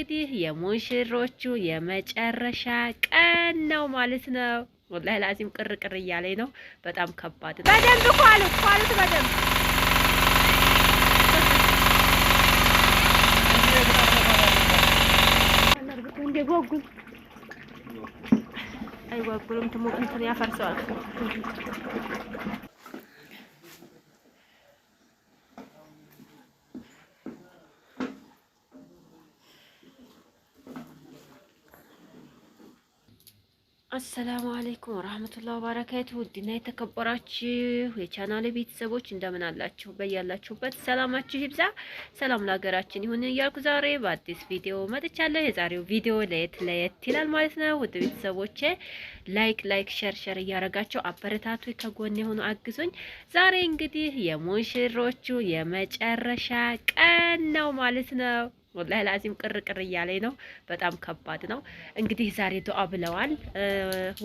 እንግዲህ የሙሽሮቹ የመጨረሻ ቀን ነው ማለት ነው። ወላሂ ላዚም ቅር ቅር እያለኝ ነው። በጣም ከባድ ነው። በደንብ ኳሉት ኳሉት በደንብ እንደጎጉም አይጓጉልም ትሞ እንትን ያፈርሰዋል። አሰላሙ አለይኩም ወራህመቱላሂ ወበረካቱ። ውድና የተከበራችሁ የቻናል ቤተሰቦች እንደምን አላችሁ? በያላችሁበት ሰላማችሁ ይብዛ፣ ሰላም ለሀገራችን ይሁን እያልኩ ዛሬ በአዲስ ቪዲዮ መጥቻለሁ። የዛሬው ቪዲዮ ለየት ለየት ይላል ማለት ነው። ውድ ቤተሰቦቼ ላይክ ላይክ ሸር ሸር እያረጋችሁ አበረታቱ፣ ከጎን የሆኑ አግዞኝ ዛሬ እንግዲህ የሙሽሮቹ የመጨረሻ ቀን ነው ማለት ነው። ወላሂ ላዚም ቅር ቅር እያለኝ ነው። በጣም ከባድ ነው። እንግዲህ ዛሬ ዱአ ብለዋል።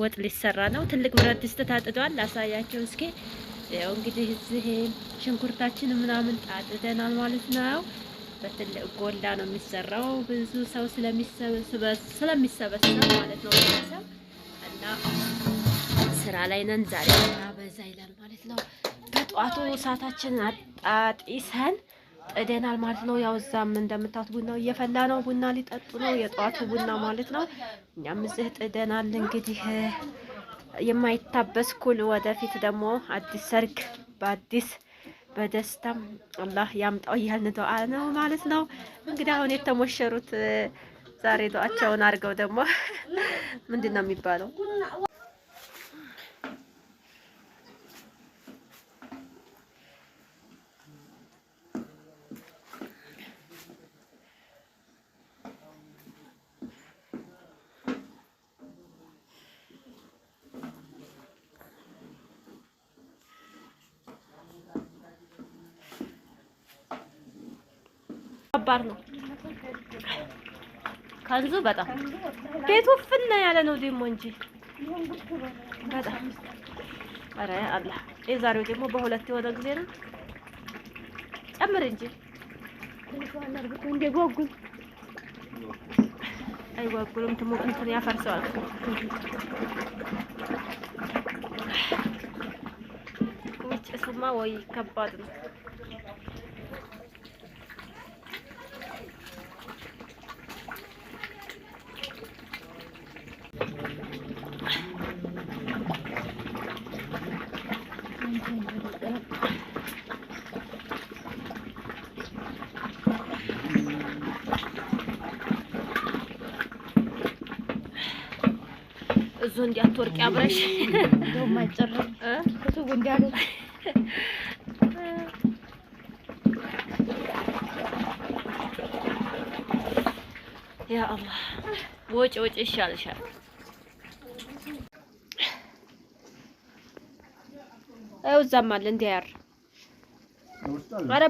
ወጥ ሊሰራ ነው። ትልቅ ብረት ድስት ታጥደዋል። ላሳያቸው እስኪ። ያው እንግዲህ እዚህ ሽንኩርታችን ምናምን ጣጥደናል ማለት ነው። በትልቅ ጎላ ነው የሚሰራው ብዙ ሰው ስለሚሰበሰብ ማለት ነው። ቤተሰብ እና ስራ ላይ ነን ዛሬ። በዛ ይላል ማለት ነው። በጠዋቱ እሳታችን አጣጢሰን ጥደናል ማለት ነው። ያው እዛም እንደምታዩት ቡናው እየፈላ ነው። ቡና ሊጠጡ ነው፣ የጠዋቱ ቡና ማለት ነው። እኛም እዚህ ጥደናል። እንግዲህ የማይታበስ ኩል ወደፊት ደግሞ አዲስ ሰርግ በአዲስ በደስታም አላህ ያምጣው እያልን ዱዓ ነው ማለት ነው። እንግዲህ አሁን የተሞሸሩት ዛሬ ዱዓቸውን አድርገው ደግሞ ምንድን ነው የሚባለው ከባድ ነው። ከንዙ በጣም ቤቱ ፍና ያለ ነው ደግሞ እንጂ በጣም ኧረ አላህ የዛሬው ደግሞ በሁለት የሆነ ጊዜ ነው። ጨምር እንጂ እንደጓጉል አይጓጉልም። ትሞ እንትን ያፈርሰዋል። ውጭ እሱማ ወይ ከባድ ነው። ጉዞ እንዳትወርቂ አብረሽ ያ አላህ ወጪ ወጪ ይሻልሻል።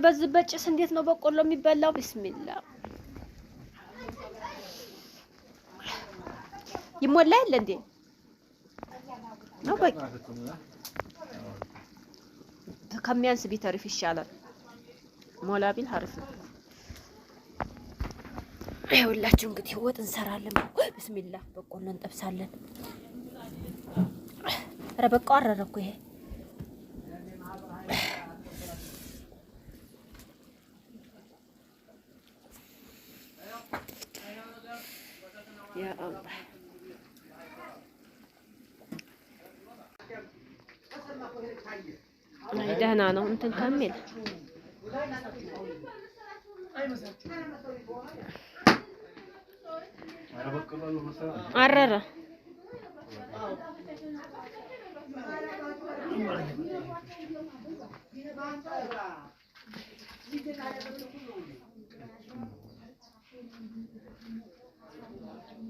በዚህ በጭስ እንዴት ነው በቆሎ የሚበላው? ቢስሚላ ይሞላ እንዴ? ነው በቂ። ከሚያንስ ቢተርፍ ይሻላል። ሞላ ቢል ሀሪፍ ነው። ይኸውላችሁ እንግዲህ ወጥ እንሰራለን። ብስሚላ በቆሎ እንጠብሳለን። ኧረ በቃ አረረ እኮ ይሄ ያ አላህ دهنانة نعم، وانت نكمل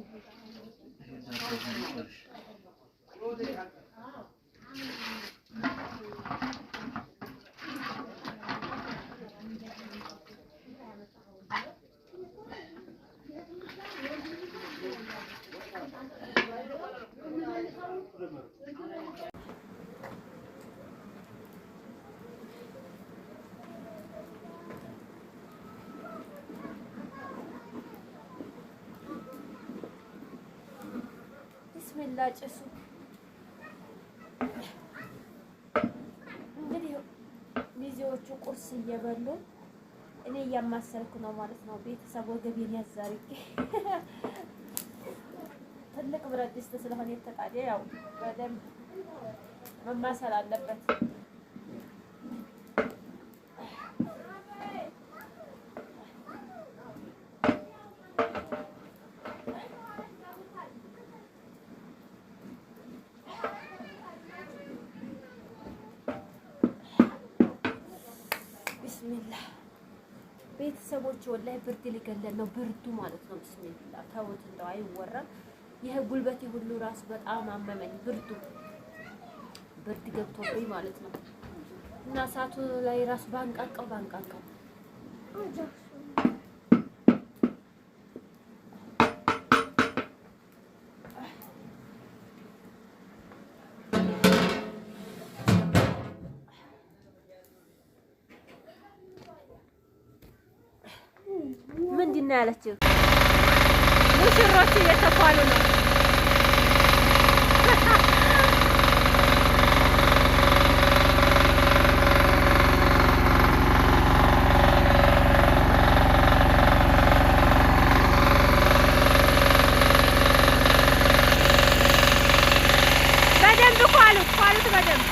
Thank you. ፈላ ጭሱ። እንግዲህ ሚዜዎቹ ቁርስ እየበሉ እኔ እያማሰልኩ ነው ማለት ነው። ቤተሰብ ወገቤን ያዝ ትልቅ ብረት ድስት ስለሆነ የተጣደ ያው በደንብ መማሰል አለበት። ብስሚላህ ቤተሰቦች ወላሂ ብርድ ሊገለን ነው። ብርዱ ማለት ነው። ብስሚላህ ተውት፣ እንደው አይወራም። ይሄ ጉልበቴ ሁሉ ራሱ በጣም አመመኝ። ብርዱ ብርድ ገብቶብኝ ማለት ነው እና እሳቱ ላይ ራሱ ባንቃቀው ባንቃቀው እና ያለችው ሙሽሮች እየተባሉ ነው። በደንብ ኳሉት ኳሉት በደንብ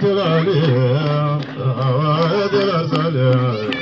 Dediler seni